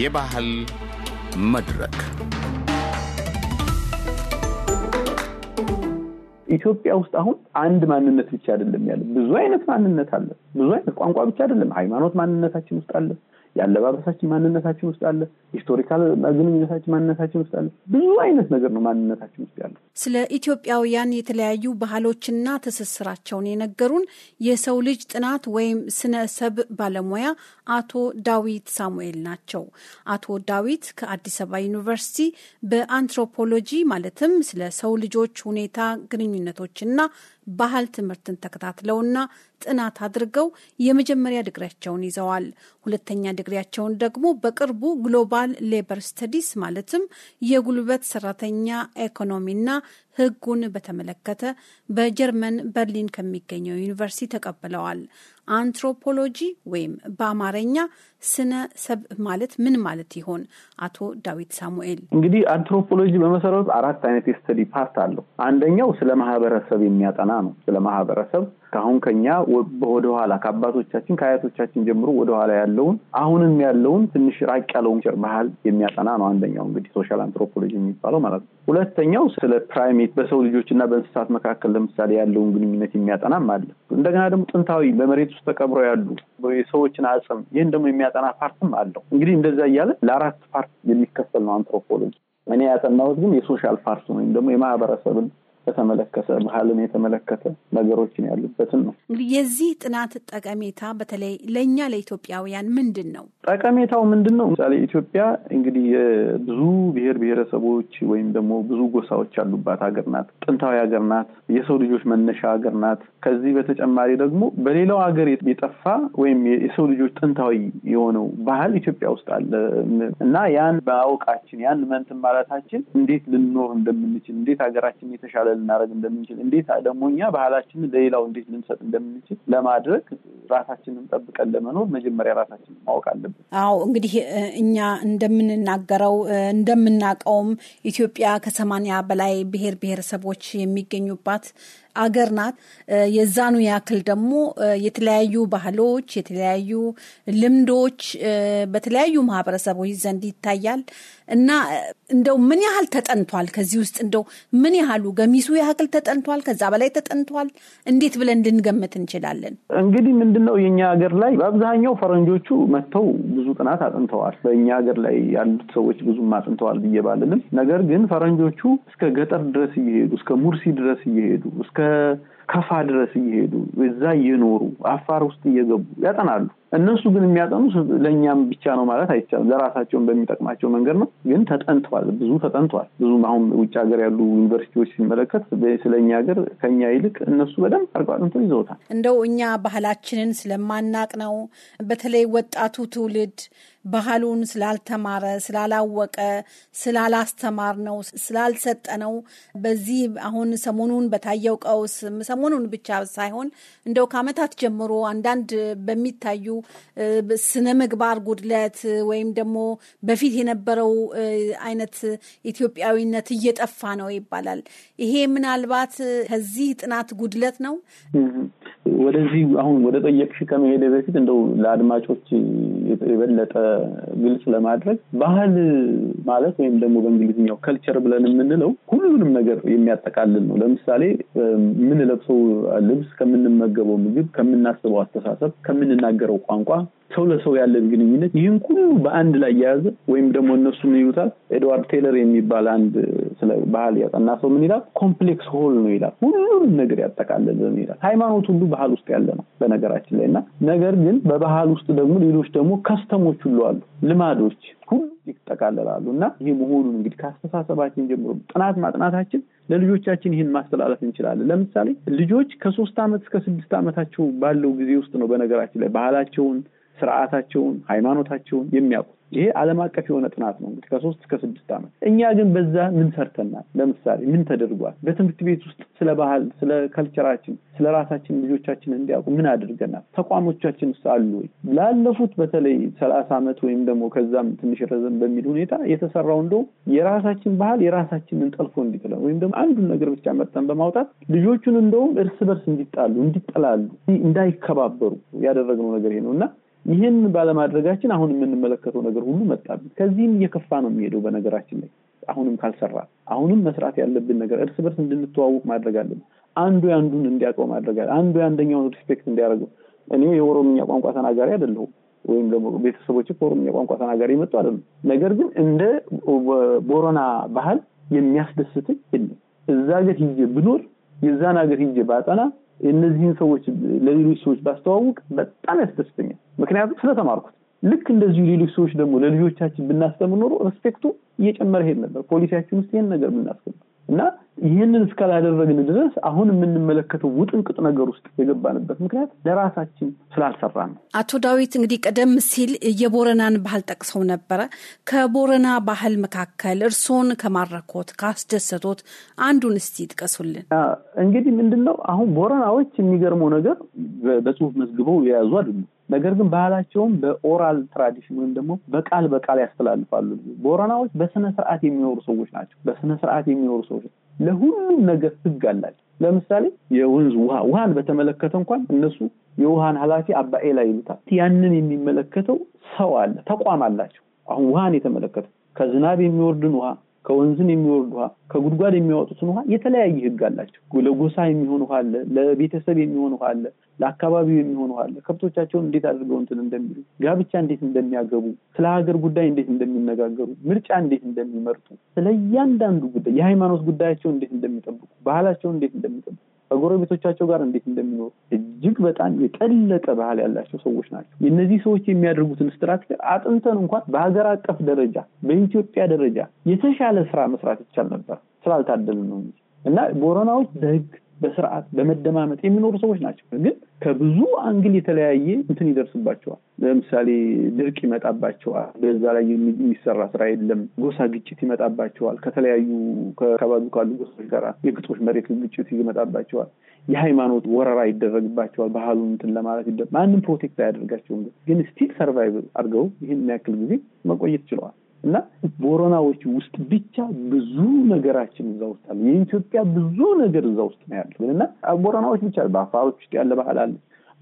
የባህል መድረክ ኢትዮጵያ ውስጥ አሁን አንድ ማንነት ብቻ አይደለም ያለ፣ ብዙ አይነት ማንነት አለ። ብዙ አይነት ቋንቋ ብቻ አይደለም፣ ሃይማኖት ማንነታችን ውስጥ አለ። የአለባበሳችን ማንነታችን ውስጥ አለ። ሂስቶሪካል ግንኙነታችን ማንነታችን ውስጥ አለ። ብዙ አይነት ነገር ነው ማንነታችን ውስጥ ያለ። ስለ ኢትዮጵያውያን የተለያዩ ባህሎችና ትስስራቸውን የነገሩን የሰው ልጅ ጥናት ወይም ስነ ሰብ ባለሙያ አቶ ዳዊት ሳሙኤል ናቸው። አቶ ዳዊት ከአዲስ አበባ ዩኒቨርሲቲ በአንትሮፖሎጂ ማለትም ስለ ሰው ልጆች ሁኔታ ግንኙነቶችና ባህል ትምህርትን ተከታትለውና ጥናት አድርገው የመጀመሪያ ድግሪያቸውን ይዘዋል። ሁለተኛ ድግሪያቸውን ደግሞ በቅርቡ ግሎባል ሌበር ስተዲስ ማለትም የጉልበት ሰራተኛ ኢኮኖሚና ህጉን በተመለከተ በጀርመን በርሊን ከሚገኘው ዩኒቨርሲቲ ተቀብለዋል። አንትሮፖሎጂ ወይም በአማርኛ ስነ ሰብ ማለት ምን ማለት ይሆን? አቶ ዳዊት ሳሙኤል እንግዲህ አንትሮፖሎጂ በመሰረቱ አራት አይነት የስተዲ ፓርት አለው። አንደኛው ስለ ማህበረሰብ የሚያጠና ነው። ስለ ማህበረሰብ ከአሁን ከኛ ወደኋላ ከአባቶቻችን ከአያቶቻችን ጀምሮ ወደኋላ ያለውን አሁንም ያለውን ትንሽ ራቅ ያለውን ባህል የሚያጠና ነው። አንደኛው እንግዲህ ሶሻል አንትሮፖሎጂ የሚባለው ማለት ነው። ሁለተኛው ስለ ፕራይሜት በሰው ልጆች እና በእንስሳት መካከል ለምሳሌ ያለውን ግንኙነት የሚያጠናም አለ። እንደገና ደግሞ ጥንታዊ በመሬት ውስጥ ተቀብረው ያሉ የሰዎችን አጽም ይህን ደግሞ የሚያጠና ፓርትም አለው። እንግዲህ እንደዛ እያለ ለአራት ፓርት የሚከፈል ነው አንትሮፖሎጂ። እኔ ያጠናሁት ግን የሶሻል ፓርት ወይም ደግሞ የማህበረሰብን በተመለከተ ባህልን የተመለከተ ነገሮችን ያሉበትን ነው። እንግዲህ የዚህ ጥናት ጠቀሜታ በተለይ ለእኛ ለኢትዮጵያውያን ምንድን ነው? ጠቀሜታው ምንድን ነው? ምሳሌ ኢትዮጵያ እንግዲህ ብዙ ብሔር ብሔረሰቦች ወይም ደግሞ ብዙ ጎሳዎች ያሉባት ሀገር ናት። ጥንታዊ ሀገር ናት። የሰው ልጆች መነሻ ሀገር ናት። ከዚህ በተጨማሪ ደግሞ በሌላው ሀገር የጠፋ ወይም የሰው ልጆች ጥንታዊ የሆነው ባህል ኢትዮጵያ ውስጥ አለ እና ያን ማወቃችን ያን መንትን ማለታችን እንዴት ልንኖር እንደምንችል እንዴት ሀገራችን የተሻለ ልናደርግ እንደምንችል እንዴት ደግሞ እኛ ባህላችንን ለሌላው እንዴት ልንሰጥ እንደምንችል ለማድረግ ራሳችንን ጠብቀን ለመኖር መጀመሪያ ራሳችንን ማወቅ አለብን። አዎ እንግዲህ እኛ እንደምንናገረው እንደምናውቀውም ኢትዮጵያ ከሰማንያ በላይ ብሔር ብሔረሰቦች የሚገኙባት አገር ናት። የዛኑ ያክል ደግሞ የተለያዩ ባህሎች፣ የተለያዩ ልምዶች በተለያዩ ማህበረሰቦች ዘንድ ይታያል እና እንደው ምን ያህል ተጠንቷል? ከዚህ ውስጥ እንደው ምን ያህሉ ገሚሱ ያክል ተጠንቷል? ከዛ በላይ ተጠንቷል? እንዴት ብለን ልንገምት እንችላለን? እንግዲህ ምንድን ነው የእኛ ሀገር ላይ በአብዛኛው ፈረንጆቹ መጥተው ብዙ ጥናት አጥንተዋል። በእኛ ሀገር ላይ ያሉት ሰዎች ብዙም አጥንተዋል ብዬ ባልልም፣ ነገር ግን ፈረንጆቹ እስከ ገጠር ድረስ እየሄዱ እስከ ሙርሲ ድረስ እየሄዱ እስከ ከፋ ድረስ እየሄዱ እዛ እየኖሩ አፋር ውስጥ እየገቡ ያጠናሉ። እነሱ ግን የሚያጠኑ ለእኛም ብቻ ነው ማለት አይቻልም። ለራሳቸውን በሚጠቅማቸው መንገድ ነው። ግን ተጠንተዋል ብዙ ተጠንተዋል። ብዙም አሁን ውጭ ሀገር ያሉ ዩኒቨርሲቲዎች ሲመለከት ስለ እኛ ሀገር ከኛ ይልቅ እነሱ በደንብ አርቋጥንቶ ይዘውታል። እንደው እኛ ባህላችንን ስለማናቅ ነው በተለይ ወጣቱ ትውልድ ባህሉን ስላልተማረ፣ ስላላወቀ፣ ስላላስተማር ነው ስላልሰጠ ነው። በዚህ አሁን ሰሞኑን በታየው ቀውስ ሰሞኑን ብቻ ሳይሆን እንደው ከዓመታት ጀምሮ አንዳንድ በሚታዩ ስነ ምግባር ጉድለት ወይም ደግሞ በፊት የነበረው አይነት ኢትዮጵያዊነት እየጠፋ ነው ይባላል። ይሄ ምናልባት ከዚህ ጥናት ጉድለት ነው። ወደዚህ አሁን ወደ ጠየቅሽ ከመሄደ በፊት እንደው ለአድማጮች የበለጠ ግልጽ ለማድረግ ባህል ማለት ወይም ደግሞ በእንግሊዝኛው ከልቸር ብለን የምንለው ሁሉንም ነገር የሚያጠቃልል ነው። ለምሳሌ የምንለብሰው ልብስ፣ ከምንመገበው ምግብ፣ ከምናስበው አስተሳሰብ፣ ከምንናገረው ቋንቋ ሰው ለሰው ያለን ግንኙነት ይህን ሁሉ በአንድ ላይ የያዘ ወይም ደግሞ እነሱ ምን ይሉታል ኤድዋርድ ቴለር የሚባል አንድ ስለ ባህል ያጠና ሰው ምን ይላል ኮምፕሌክስ ሆል ነው ይላል ሁሉንም ነገር ያጠቃለለ ነው ይላል ሃይማኖት ሁሉ ባህል ውስጥ ያለ ነው በነገራችን ላይ እና ነገር ግን በባህል ውስጥ ደግሞ ሌሎች ደግሞ ከስተሞች ሁሉ አሉ ልማዶች ሁሉ ይጠቃለላሉ እና ይህ መሆኑን እንግዲህ ከአስተሳሰባችን ጀምሮ ጥናት ማጥናታችን ለልጆቻችን ይህን ማስተላለፍ እንችላለን። ለምሳሌ ልጆች ከሶስት ዓመት እስከ ስድስት ዓመታቸው ባለው ጊዜ ውስጥ ነው በነገራችን ላይ ባህላቸውን ስርዓታቸውን፣ ሃይማኖታቸውን የሚያውቁ ይሄ አለም አቀፍ የሆነ ጥናት ነው። እንግዲህ ከሶስት እስከ ስድስት ዓመት እኛ ግን በዛ ምን ሰርተናል? ለምሳሌ ምን ተደርጓል? በትምህርት ቤት ውስጥ ስለ ባህል፣ ስለ ከልቸራችን፣ ስለ ራሳችን ልጆቻችን እንዲያውቁ ምን አድርገናል? ተቋሞቻችን አሉ ወይ? ላለፉት በተለይ ሰላሳ ዓመት ወይም ደግሞ ከዛም ትንሽ ረዘም በሚል ሁኔታ የተሰራው እንደ የራሳችን ባህል የራሳችንን ጠልፎ እንዲጥለ ወይም ደግሞ አንዱን ነገር ብቻ መጠን በማውጣት ልጆቹን እንደውም እርስ በርስ እንዲጣሉ እንዲጠላሉ እንዳይከባበሩ ያደረግነው ነገር ይሄ ነው እና ይህን ባለማድረጋችን አሁን የምንመለከተው ነገር ሁሉ መጣብን። ከዚህም እየከፋ ነው የሚሄደው። በነገራችን ላይ አሁንም ካልሰራ አሁንም መስራት ያለብን ነገር እርስ በርስ እንድንተዋውቅ ማድረግ አለብን። አንዱ የአንዱን እንዲያውቀው ማድረግ አለ። አንዱ የአንደኛውን ሪስፔክት እንዲያደርገው። እኔ የኦሮምኛ ቋንቋ ተናጋሪ አይደለሁም፣ ወይም ደግሞ ቤተሰቦች ከኦሮምኛ ቋንቋ ተናጋሪ መጡ አለ ነገር ግን እንደ ቦሮና ባህል የሚያስደስትኝ የለም። እዛ ሀገር ሂጄ ብኖር የዛን ሀገር ሂጄ ባጠና እነዚህን ሰዎች ለሌሎች ሰዎች ባስተዋውቅ በጣም ያስደስተኛል። ምክንያቱም ስለተማርኩት። ልክ እንደዚሁ ሌሎች ሰዎች ደግሞ ለልጆቻችን ብናስተምር ኖሮ ሪስፔክቱ እየጨመረ ሄድ ነበር። ፖሊሲያችን ውስጥ ይህን ነገር ብናስገባ እና ይህንን እስካላደረግን ድረስ አሁን የምንመለከተው ውጥንቅጥ ነገር ውስጥ የገባንበት ምክንያት ለራሳችን ስላልሰራ ነው። አቶ ዳዊት እንግዲህ ቀደም ሲል የቦረናን ባህል ጠቅሰው ነበረ። ከቦረና ባህል መካከል እርስዎን ከማረኮት ካስደሰቶት አንዱን እስቲ ይጥቀሱልን። እንግዲህ ምንድን ነው አሁን ቦረናዎች የሚገርመው ነገር በጽሁፍ መዝግበው የያዙ አይደሉም ነገር ግን ባህላቸውም በኦራል ትራዲሽን ወይም ደግሞ በቃል በቃል ያስተላልፋሉ። ቦረናዎች በስነ ስርዓት የሚኖሩ ሰዎች ናቸው። በስነ ስርዓት የሚኖሩ ሰዎች ናቸው። ለሁሉም ነገር ህግ አላቸው። ለምሳሌ የወንዝ ውሃ ውሃን በተመለከተ እንኳን እነሱ የውሃን ኃላፊ አባኤ ላይ ይሉታል። ያንን የሚመለከተው ሰው አለ፣ ተቋም አላቸው። አሁን ውሃን የተመለከተ ከዝናብ የሚወርድን ውሃ ከወንዝን የሚወርድ ውሃ ከጉድጓድ የሚያወጡትን ውሃ የተለያየ ህግ አላቸው። ለጎሳ የሚሆን ውሃ አለ፣ ለቤተሰብ የሚሆን ውሃ አለ፣ ለአካባቢው የሚሆን ውሃ አለ። ከብቶቻቸውን እንዴት አድርገው እንትን እንደሚሉ፣ ጋብቻ እንዴት እንደሚያገቡ፣ ስለ ሀገር ጉዳይ እንዴት እንደሚነጋገሩ፣ ምርጫ እንዴት እንደሚመርጡ፣ ስለ እያንዳንዱ ጉዳይ የሃይማኖት ጉዳያቸው እንዴት እንደሚጠብቁ፣ ባህላቸውን እንዴት እንደሚጠብቁ ከጎረቤቶቻቸው ጋር እንዴት እንደሚኖሩ እጅግ በጣም የጠለቀ ባህል ያላቸው ሰዎች ናቸው። እነዚህ ሰዎች የሚያደርጉትን ስትራክቸር አጥንተን እንኳን በሀገር አቀፍ ደረጃ በኢትዮጵያ ደረጃ የተሻለ ስራ መስራት ይቻል ነበር። ስላልታደልን ነው እና ቦረናዎች በህግ በስርዓት በመደማመጥ የሚኖሩ ሰዎች ናቸው። ግን ከብዙ አንግል የተለያየ እንትን ይደርስባቸዋል። ለምሳሌ ድርቅ ይመጣባቸዋል። በዛ ላይ የሚሰራ ስራ የለም። ጎሳ ግጭት ይመጣባቸዋል። ከተለያዩ ከአካባቢው ካሉ ጎሳዎች ጋር የግጦሽ መሬት ግጭት ይመጣባቸዋል። የሃይማኖት ወረራ ይደረግባቸዋል። ባህሉን እንትን ለማለት ይደ ማንም ፕሮቴክት አያደርጋቸውም። ግን ስቲል ሰርቫይቭ አድርገው ይህን ያክል ጊዜ መቆየት ችለዋል። እና ቦረናዎች ውስጥ ብቻ ብዙ ነገራችን እዛ ውስጥ አለ። የኢትዮጵያ ብዙ ነገር እዛ ውስጥ ነው ያለ እና ቦረናዎች ብቻ በአፋሮች ውስጥ ያለ ባህል አለ።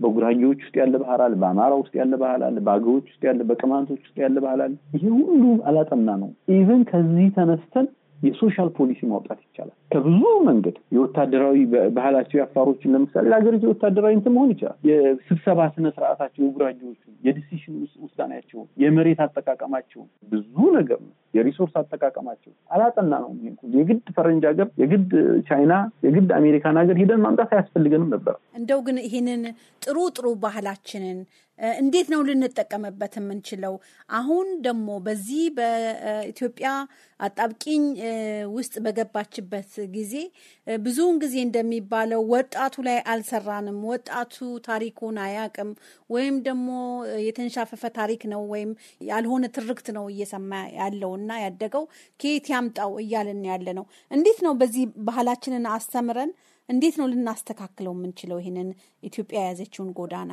በጉራጌዎች ውስጥ ያለ ባህል አለ። በአማራ ውስጥ ያለ ባህል አለ። በአገዎች ውስጥ ያለ፣ በቅማንቶች ውስጥ ያለ ባህል አለ። ይሄ ሁሉ አላጠና ነው። ኢቨን ከዚህ ተነስተን የሶሻል ፖሊሲ ማውጣት ይቻላል። ከብዙ መንገድ የወታደራዊ ባህላቸው የአፋሮችን ለምሳሌ ለሀገሪቱ የወታደራዊ እንትን መሆን ይችላል። የስብሰባ ስነ ስርዓታቸው፣ የጉራጌዎቹን የዲሲሽን ውሳኔያቸውን፣ የመሬት አጠቃቀማቸውን ብዙ ነገር ነው። የሪሶርስ አጠቃቀማቸው አላጠና ነው። የግድ ፈረንጅ ሀገር፣ የግድ ቻይና፣ የግድ አሜሪካን ሀገር ሂደን ማምጣት አያስፈልገንም ነበር። እንደው ግን ይህንን ጥሩ ጥሩ ባህላችንን እንዴት ነው ልንጠቀምበት የምንችለው? አሁን ደግሞ በዚህ በኢትዮጵያ አጣብቂኝ ውስጥ በገባችበት ጊዜ ብዙውን ጊዜ እንደሚባለው ወጣቱ ላይ አልሰራንም፣ ወጣቱ ታሪኩን አያውቅም፣ ወይም ደግሞ የተንሻፈፈ ታሪክ ነው ወይም ያልሆነ ትርክት ነው እየሰማ ያለው እና ያደገው ከየት ያምጣው እያልን ያለ ነው። እንዴት ነው በዚህ ባህላችንን አስተምረን እንዴት ነው ልናስተካክለው የምንችለው ይህንን ኢትዮጵያ የያዘችውን ጎዳና?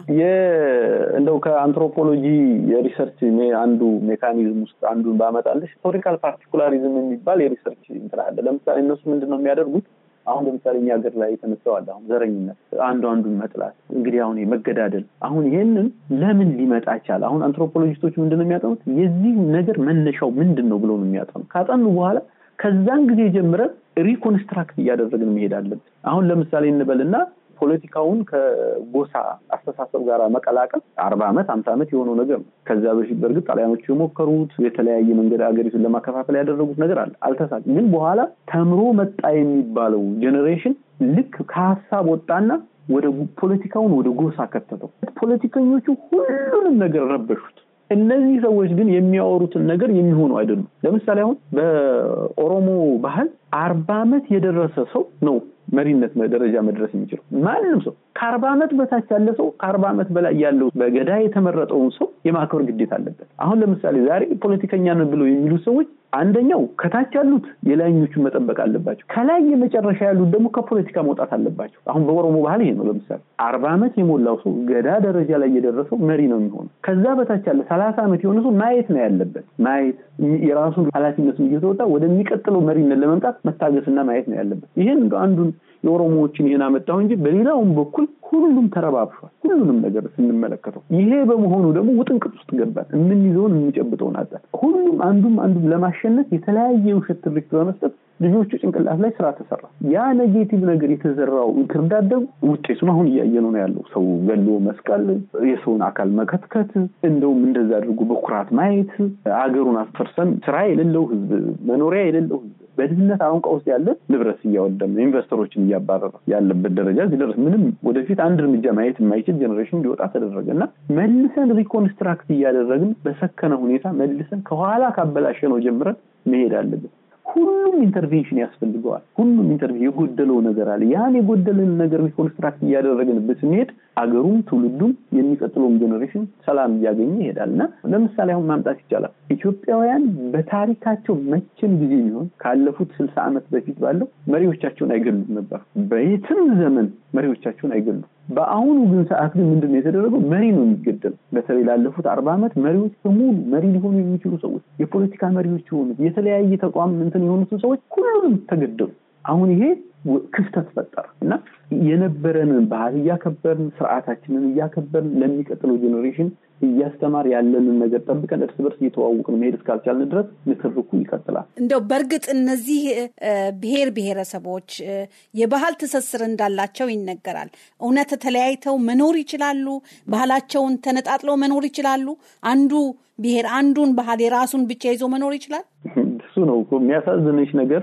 እንደው ከአንትሮፖሎጂ የሪሰርች አንዱ ሜካኒዝም ውስጥ አንዱን ባመጣልሽ ሂስቶሪካል ፓርቲኩላሪዝም የሚባል የሪሰርች እንትን አለ። ለምሳሌ እነሱ ምንድን ነው የሚያደርጉት? አሁን ለምሳሌ እኛ ሀገር ላይ የተነሳዋል። አሁን ዘረኝነት፣ አንዱ አንዱን መጥላት፣ እንግዲህ አሁን መገዳደል፣ አሁን ይሄንን ለምን ሊመጣ ይቻል? አሁን አንትሮፖሎጂስቶች ምንድን ነው የሚያጠኑት? የዚህ ነገር መነሻው ምንድን ነው ብሎ ነው የሚያጠኑ። ካጠኑ በኋላ ከዛን ጊዜ ጀምረን ሪኮንስትራክት እያደረግን መሄድ አለብን። አሁን ለምሳሌ እንበልና ፖለቲካውን ከጎሳ አስተሳሰብ ጋር መቀላቀል አርባ ዓመት አምሳ ዓመት የሆነው ነገር ነው። ከዚያ በፊት በእርግጥ ጣሊያኖቹ የሞከሩት የተለያየ መንገድ ሀገሪቱን ለማከፋፈል ያደረጉት ነገር አለ፣ አልተሳካ። ግን በኋላ ተምሮ መጣ የሚባለው ጀኔሬሽን ልክ ከሀሳብ ወጣና ወደ ፖለቲካውን ወደ ጎሳ ከተተው። ፖለቲከኞቹ ሁሉንም ነገር ረበሹት። እነዚህ ሰዎች ግን የሚያወሩትን ነገር የሚሆኑ አይደሉም። ለምሳሌ አሁን በኦሮሞ ባህል አርባ ዓመት የደረሰ ሰው ነው መሪነት ደረጃ መድረስ የሚችለው ማንም ሰው ከአርባ ዓመት በታች ያለ ሰው ከአርባ ዓመት በላይ ያለው በገዳ የተመረጠውን ሰው የማክበር ግዴታ አለበት። አሁን ለምሳሌ ዛሬ ፖለቲከኛ ነው ብለው የሚሉ ሰዎች አንደኛው ከታች ያሉት የላይኞቹን መጠበቅ አለባቸው። ከላይ የመጨረሻ ያሉት ደግሞ ከፖለቲካ መውጣት አለባቸው። አሁን በኦሮሞ ባህል ይሄ ነው። ለምሳሌ አርባ ዓመት የሞላው ሰው ገዳ ደረጃ ላይ የደረሰው መሪ ነው የሚሆነው። ከዛ በታች ያለ ሰላሳ ዓመት የሆነ ሰው ማየት ነው ያለበት። ማየት የራሱን ኃላፊነት እየተወጣ ወደሚቀጥለው መሪነት ለመምጣት መታገስና ማየት ነው ያለበት። ይህን አንዱን የኦሮሞዎችን ይህን አመጣሁ እንጂ በሌላውም በኩል ሁሉም ተረባብሷል ሁሉንም ነገር ስንመለከተው ይሄ በመሆኑ ደግሞ ውጥንቅጥ ውስጥ ገባል። የምንይዘውን የምንጨብጠውን አጣን። ሁሉም አንዱም አንዱም ለማሸነፍ የተለያየ ውሸት ትርክት በመስጠት ልጆቹ ጭንቅላት ላይ ስራ ተሰራ። ያ ኔጌቲቭ ነገር የተዘራው እንክርዳድ ደግሞ ውጤቱን አሁን እያየነው ነው ያለው። ሰው ገሎ መስቀል፣ የሰውን አካል መከትከት፣ እንደውም እንደዛ አድርጎ በኩራት ማየት፣ አገሩን አስፈርሰን ስራ የሌለው ህዝብ፣ መኖሪያ የሌለው ህዝብ በድህነት አሁን ቀውስ ያለ ንብረት እያወደመ ኢንቨስተሮችን እያባረረ ያለበት ደረጃ እዚህ ምንም ወደፊት አንድ እርምጃ ማየት የማይችል ጀኔሬሽን እንዲወጣ ተደረገ እና መልሰን ሪኮንስትራክት እያደረግን በሰከነ ሁኔታ መልሰን ከኋላ ካበላሸ ነው ጀምረን መሄድ አለብን። ሁሉም ኢንተርቬንሽን ያስፈልገዋል። ሁሉም ኢንተርቬንሽን የጎደለው ነገር አለ። ያን የጎደለን ነገር ሪኮንስትራክት እያደረግንበት ስንሄድ አገሩም ትውልዱም የሚቀጥለውም ጀኔሬሽን ሰላም እያገኘ ይሄዳል እና ለምሳሌ አሁን ማምጣት ይቻላል። ኢትዮጵያውያን በታሪካቸው መቼም ጊዜ ቢሆን ካለፉት ስልሳ ዓመት በፊት ባለው መሪዎቻቸውን አይገሉም ነበር። በየትም ዘመን መሪዎቻቸውን አይገሉም። በአሁኑ ግን ሰዓት ግን ምንድን ነው የተደረገው? መሪ ነው የሚገደል። በተለይ ላለፉት አርባ ዓመት መሪዎች በሙሉ መሪ ሊሆኑ የሚችሉ ሰዎች፣ የፖለቲካ መሪዎች የሆኑት የተለያየ ተቋም እንትን የሆኑትን ሰዎች ሁሉንም ተገደሉ። አሁን ይሄ ክፍተት ፈጠረ እና የነበረንን ባህል እያከበርን ስርዓታችንን እያከበርን ለሚቀጥለው ጄኔሬሽን እያስተማር ያለንን ነገር ጠብቀን እርስ በርስ እየተዋወቅን መሄድ እስካልቻልን ድረስ ንትርኩ ይቀጥላል። እንደው በእርግጥ እነዚህ ብሔር ብሔረሰቦች የባህል ትስስር እንዳላቸው ይነገራል። እውነት ተለያይተው መኖር ይችላሉ? ባህላቸውን ተነጣጥለው መኖር ይችላሉ? አንዱ ብሔር አንዱን ባህል የራሱን ብቻ ይዞ መኖር ይችላል? እሱ ነው የሚያሳዝንሽ ነገር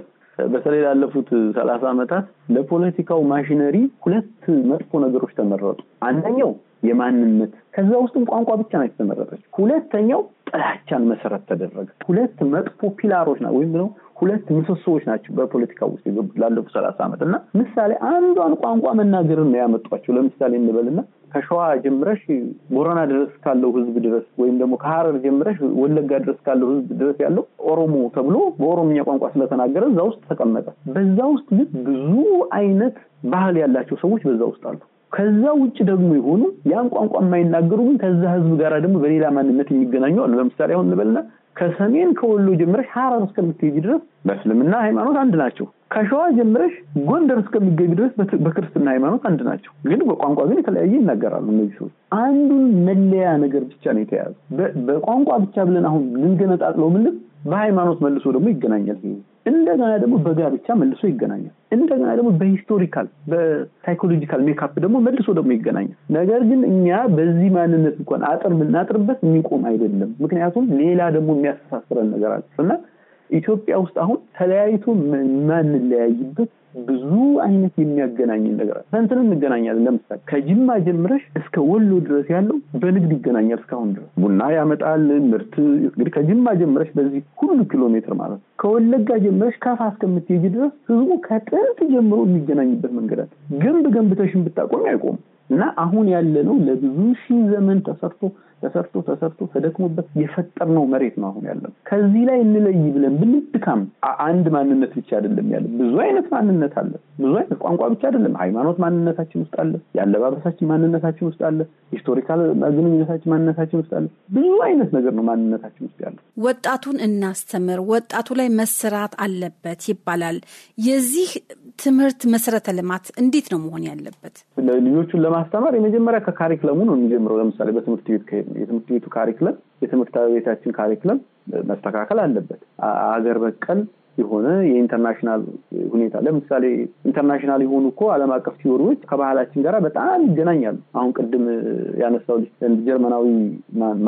በተለይ ላለፉት ሰላሳ ዓመታት ለፖለቲካው ማሽነሪ ሁለት መጥፎ ነገሮች ተመረጡ። አንደኛው የማንነት ከዛ ውስጥም ቋንቋ ብቻ ናቸው የተመረጠች። ሁለተኛው ጥላቻን መሰረት ተደረገ። ሁለት መጥፎ ፒላሮች ና ወይም ደግሞ ሁለት ምሰሶዎች ናቸው በፖለቲካ ውስጥ የገቡት ላለፉት ሰላሳ ዓመት እና ምሳሌ አንዷን ቋንቋ መናገርን ነው ያመጧቸው። ለምሳሌ እንበልና ከሸዋ ጀምረሽ ቦረና ድረስ ካለው ህዝብ ድረስ ወይም ደግሞ ከሀረር ጀምረሽ ወለጋ ድረስ ካለው ህዝብ ድረስ ያለው ኦሮሞ ተብሎ በኦሮምኛ ቋንቋ ስለተናገረ እዛ ውስጥ ተቀመጠ። በዛ ውስጥ ግን ብዙ አይነት ባህል ያላቸው ሰዎች በዛ ውስጥ አሉ። ከዛ ውጭ ደግሞ የሆኑ ያን ቋንቋ የማይናገሩ ግን ከዛ ህዝብ ጋር ደግሞ በሌላ ማንነት የሚገናኙ አሉ። ለምሳሌ አሁን እንበልና ከሰሜን ከወሎ ጀምረሽ ሀረር እስከምትሄጂ ድረስ በእስልምና ሃይማኖት አንድ ናቸው። ከሸዋ ጀምረሽ ጎንደር እስከሚገቢ ድረስ በክርስትና ሃይማኖት አንድ ናቸው። ግን በቋንቋ ግን የተለያየ ይናገራሉ። እነዚህ ሰዎች አንዱን መለያ ነገር ብቻ ነው የተያያዘ። በቋንቋ ብቻ ብለን አሁን ልንገነጣጥለው ምንድን በሃይማኖት መልሶ ደግሞ ይገናኛል እንደገና ደግሞ በጋብቻ መልሶ ይገናኛል እንደገና ደግሞ በሂስቶሪካል በሳይኮሎጂካል ሜካፕ ደግሞ መልሶ ደግሞ ይገናኛል ነገር ግን እኛ በዚህ ማንነት እንኳን አጥር የምናጥርበት የሚቆም አይደለም ምክንያቱም ሌላ ደግሞ የሚያስተሳስረን ነገር አለ እና ኢትዮጵያ ውስጥ አሁን ተለያይቶ ማንለያይበት ብዙ አይነት የሚያገናኝን ነገር አለ። በእንትን እንገናኛለን። ለምሳሌ ከጅማ ጀምረሽ እስከ ወሎ ድረስ ያለው በንግድ ይገናኛል። እስካሁን ድረስ ቡና ያመጣል ምርት እንግዲህ ከጅማ ጀምረሽ በዚህ ሁሉ ኪሎ ሜትር ማለት ነው። ከወለጋ ጀምረሽ ከፋ እስከምትሄጂ ድረስ ህዝቡ ከጥንት ጀምሮ የሚገናኝበት መንገድ አለ። ግንብ ገንብተሽን ብታቆሚ አይቆም እና አሁን ያለ ነው ለብዙ ሺህ ዘመን ተሰርቶ ተሰርቶ ተሰርቶ ተደክሞበት የፈጠርነው መሬት ነው አሁን ያለው። ከዚህ ላይ እንለይ ብለን ብንድካም አንድ ማንነት ብቻ አይደለም ያለ፣ ብዙ አይነት ማንነት አለ። ብዙ አይነት ቋንቋ ብቻ አይደለም። ሃይማኖት ማንነታችን ውስጥ አለ። የአለባበሳችን ማንነታችን ውስጥ አለ። ሂስቶሪካል ግንኙነታችን ማንነታችን ውስጥ አለ። ብዙ አይነት ነገር ነው ማንነታችን ውስጥ ያለ። ወጣቱን እናስተምር፣ ወጣቱ ላይ መስራት አለበት ይባላል። የዚህ ትምህርት መሰረተ ልማት እንዴት ነው መሆን ያለበት? ልጆቹን ለማስተማር የመጀመሪያ ከካሪክለሙ ነው የሚጀምረው። ለምሳሌ በትምህርት ቤት ከሄድ የትምህርት ቤቱ ካሪክለም የትምህርት ቤታችን ካሪክለም መስተካከል አለበት። አገር በቀል የሆነ የኢንተርናሽናል ሁኔታ ለምሳሌ ኢንተርናሽናል የሆኑ እኮ አለም አቀፍ ቲዎሪዎች ከባህላችን ጋር በጣም ይገናኛሉ። አሁን ቅድም ያነሳው ልጅ ጀርመናዊ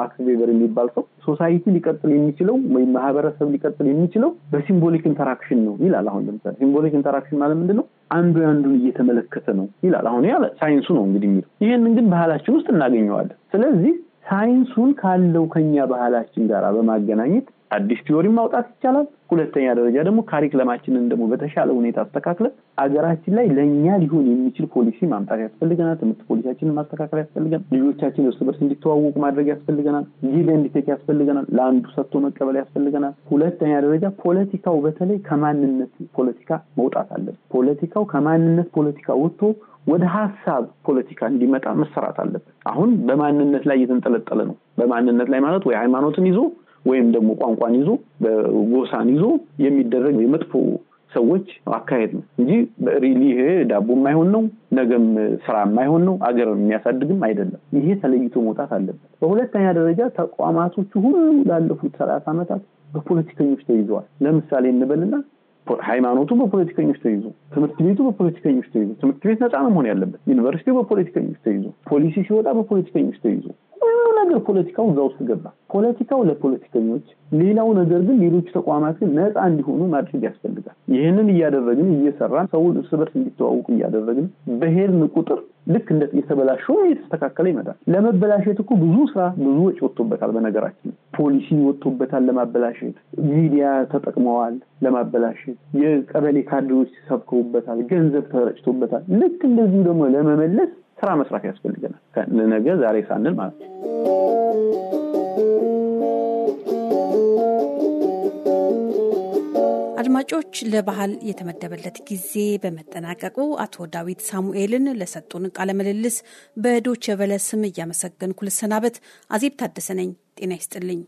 ማክስ ቬቨር የሚባል ሰው ሶሳይቲ ሊቀጥል የሚችለው ወይም ማህበረሰብ ሊቀጥል የሚችለው በሲምቦሊክ ኢንተራክሽን ነው ይላል። አሁን ለምሳሌ ሲምቦሊክ ኢንተራክሽን ማለት ምንድን ነው? አንዱ አንዱን እየተመለከተ ነው ይላል። አሁን ያ ሳይንሱ ነው እንግዲህ የሚለው። ይህንን ግን ባህላችን ውስጥ እናገኘዋለን። ስለዚህ ሳይንሱን ካለው ከኛ ባህላችን ጋር በማገናኘት አዲስ ቲዮሪ ማውጣት ይቻላል። ሁለተኛ ደረጃ ደግሞ ካሪክለማችንን ደግሞ በተሻለ ሁኔታ አስተካክለን አገራችን ላይ ለእኛ ሊሆን የሚችል ፖሊሲ ማምጣት ያስፈልገናል። ትምህርት ፖሊሲያችንን ማስተካከል ያስፈልገናል። ልጆቻችን እርስ በርስ እንዲተዋወቁ ማድረግ ያስፈልገናል። ጊዜ እንዲቴክ ያስፈልገናል። ለአንዱ ሰጥቶ መቀበል ያስፈልገናል። ሁለተኛ ደረጃ ፖለቲካው በተለይ ከማንነት ፖለቲካ መውጣት አለን። ፖለቲካው ከማንነት ፖለቲካ ወጥቶ ወደ ሀሳብ ፖለቲካ እንዲመጣ መሰራት አለበት። አሁን በማንነት ላይ እየተንጠለጠለ ነው። በማንነት ላይ ማለት ወይ ሃይማኖትን ይዞ ወይም ደግሞ ቋንቋን ይዞ በጎሳን ይዞ የሚደረግ የመጥፎ ሰዎች አካሄድ ነው እንጂ ሪሊ ይሄ ዳቦ የማይሆን ነው፣ ነገም ስራ የማይሆን ነው፣ አገር የሚያሳድግም አይደለም። ይሄ ተለይቶ መውጣት አለበት። በሁለተኛ ደረጃ ተቋማቶቹ ሁሉ ላለፉት ሰላሳ ዓመታት በፖለቲከኞች ተይዘዋል። ለምሳሌ እንበልና ሃይማኖቱ በፖለቲከኞች ተይዞ፣ ትምህርት ቤቱ በፖለቲከኞች ተይዞ፣ ትምህርት ቤት ነፃ መሆን ያለበት ዩኒቨርሲቲ በፖለቲከኞች ተይዞ፣ ፖሊሲ ሲወጣ በፖለቲከኞች ተይዞ ነገር ፖለቲካው እዛ ውስጥ ገባ። ፖለቲካው ለፖለቲከኞች፣ ሌላው ነገር ግን ሌሎች ተቋማትን ነፃ እንዲሆኑ ማድረግ ያስፈልጋል። ይህንን እያደረግን እየሰራን ሰውን እርስ በርስ እንዲተዋወቁ እያደረግን በሄድን ቁጥር ልክ እንደ የተበላሸው እየተስተካከለ ይመጣል። ለመበላሸት እኮ ብዙ ስራ ብዙ ወጪ ወጥቶበታል። በነገራችን ፖሊሲ ወጥቶበታል ለማበላሸት፣ ሚዲያ ተጠቅመዋል ለማበላሸት፣ የቀበሌ ካድሬዎች ሰብከውበታል፣ ገንዘብ ተረጭቶበታል። ልክ እንደዚሁ ደግሞ ለመመለስ ስራ መስራት ያስፈልገናል። ነገ ዛሬ ሳንል ማለት ነው። አድማጮች ለባህል የተመደበለት ጊዜ በመጠናቀቁ አቶ ዳዊት ሳሙኤልን ለሰጡን ቃለ ምልልስ በዶቸ ስም እያመሰገንኩ ልሰናበት። አዜብ ታደሰ ነኝ። ጤና ይስጥልኝ።